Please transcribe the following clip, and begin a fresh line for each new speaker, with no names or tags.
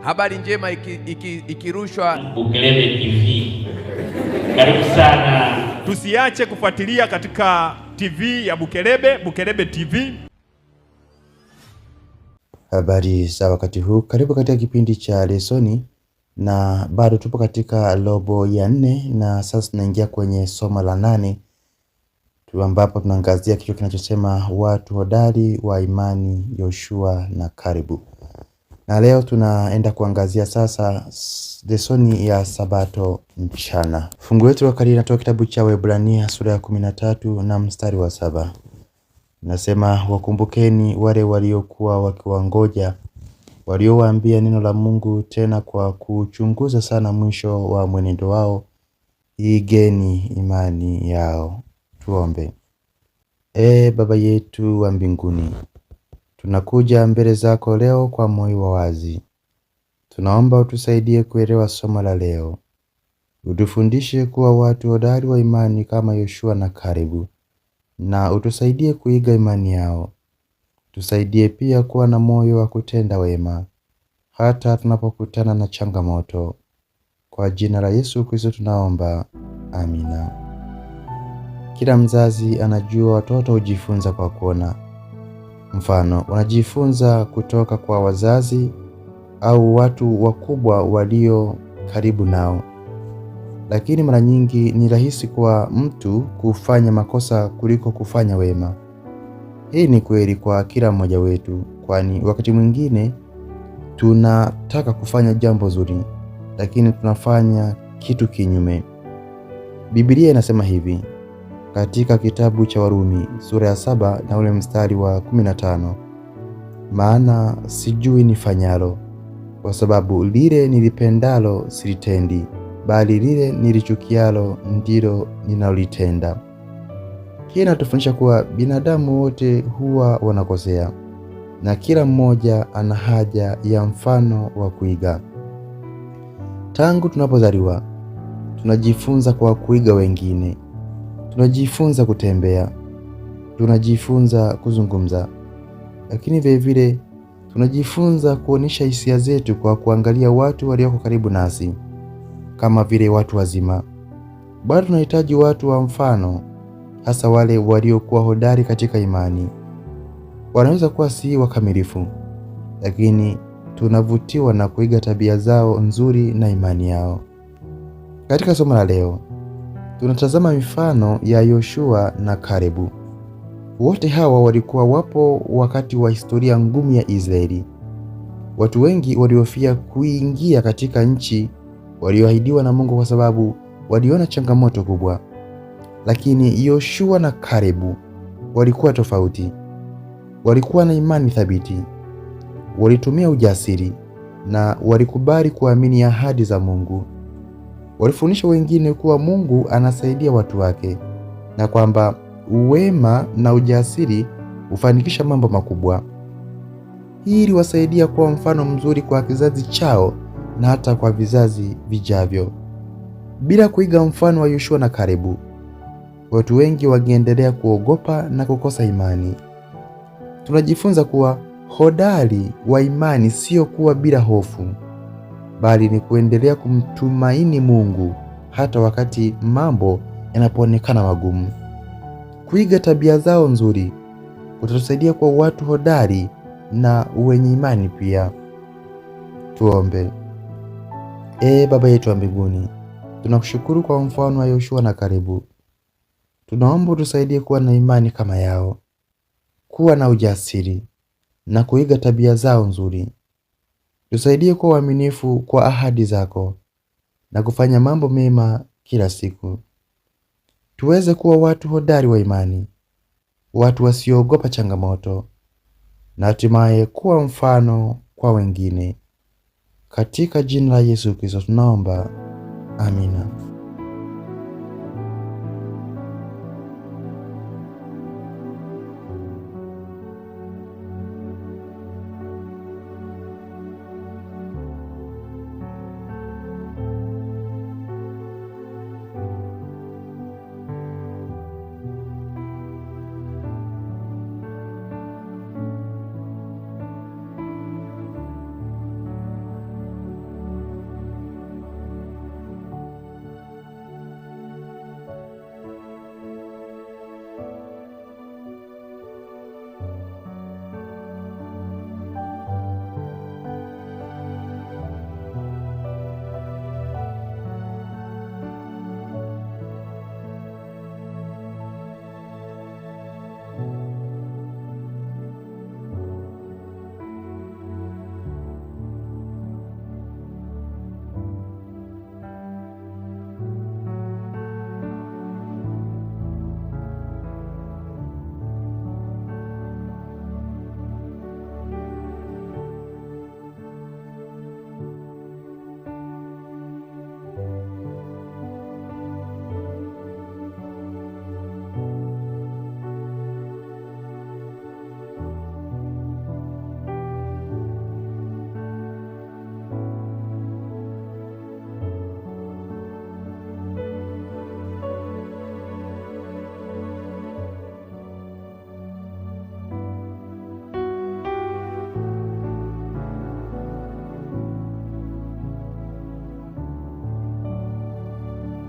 Habari njema ikirushwa iki, iki
Bukelebe TV. Karibu sana,
tusiache kufuatilia katika TV ya Bukelebe, Bukelebe TV.
Habari za wakati huu, karibu katika kipindi cha lesoni, na bado tupo katika robo ya nne, na sasa tunaingia kwenye somo la nane tu, ambapo tunaangazia kichwa kinachosema watu hodari wa imani, Yoshua na Kalebu. Na leo tunaenda kuangazia sasa lesoni ya sabato mchana. Fungu letu la kali linatoka kitabu cha Waebrania sura ya kumi na tatu na mstari wa saba. Nasema, wakumbukeni wale waliokuwa wakiwangoja waliowaambia neno la Mungu, tena kwa kuchunguza sana mwisho wa mwenendo wao, igeni imani yao. Tuombe. E Baba yetu wa mbinguni Tunakuja mbele zako leo kwa moyo wa wazi, tunaomba utusaidie kuelewa somo la leo. Utufundishe kuwa watu hodari wa imani kama Yoshua na Kalebu, na utusaidie kuiga imani yao. Tusaidie pia kuwa na moyo wa kutenda wema hata tunapokutana na changamoto. Kwa jina la Yesu Kristo tunaomba, amina. Kila mzazi anajua watoto hujifunza kwa kuona. Mfano, unajifunza kutoka kwa wazazi au watu wakubwa walio karibu nao. Lakini mara nyingi ni rahisi kwa mtu kufanya makosa kuliko kufanya wema. Hii ni kweli kwa kila mmoja wetu, kwani wakati mwingine tunataka kufanya jambo zuri, lakini tunafanya kitu kinyume. Biblia inasema hivi: katika kitabu cha Warumi sura ya saba na ule mstari wa 15, maana sijui nifanyalo, kwa sababu lile nilipendalo silitendi, bali lile nilichukialo ndilo ninalitenda. Hii inatufundisha kuwa binadamu wote huwa wanakosea na kila mmoja ana haja ya mfano wa kuiga. Tangu tunapozaliwa tunajifunza kwa kuiga wengine. Tunajifunza kutembea, tunajifunza kuzungumza, lakini vilevile tunajifunza kuonyesha hisia zetu kwa kuangalia watu walioko karibu nasi, kama vile watu wazima. Bado tunahitaji watu wa mfano, hasa wale waliokuwa hodari katika imani. Wanaweza kuwa si wakamilifu, lakini tunavutiwa na kuiga tabia zao nzuri na imani yao. Katika somo la leo tunatazama mifano ya Yoshua na Kalebu. Wote hawa walikuwa wapo wakati wa historia ngumu ya Israeli. Watu wengi walihofia kuingia katika nchi walioahidiwa na Mungu kwa sababu waliona changamoto kubwa, lakini Yoshua na Kalebu walikuwa tofauti. Walikuwa na imani thabiti, walitumia ujasiri na walikubali kuamini ahadi za Mungu walifundisha wengine kuwa Mungu anasaidia watu wake na kwamba uwema na ujasiri hufanikisha mambo makubwa. Hii iliwasaidia kuwa mfano mzuri kwa kizazi chao na hata kwa vizazi vijavyo. Bila kuiga mfano wa Yoshua na Kalebu, watu wengi wangeendelea kuogopa na kukosa imani. Tunajifunza kuwa hodari wa imani sio kuwa bila hofu, bali ni kuendelea kumtumaini Mungu hata wakati mambo yanapoonekana magumu. Kuiga tabia zao nzuri kutatusaidia kwa watu hodari na wenye imani pia. Tuombe. Ee Baba yetu wa mbinguni, tunakushukuru kwa mfano wa Yoshua na Kalebu. Tunaomba utusaidie kuwa na imani kama yao, kuwa na ujasiri na kuiga tabia zao nzuri. Tusaidie kuwa waaminifu kwa ahadi zako na kufanya mambo mema kila siku. Tuweze kuwa watu hodari wa imani, watu wasioogopa changamoto na hatimaye kuwa mfano kwa wengine. Katika jina la Yesu Kristo tunaomba, amina.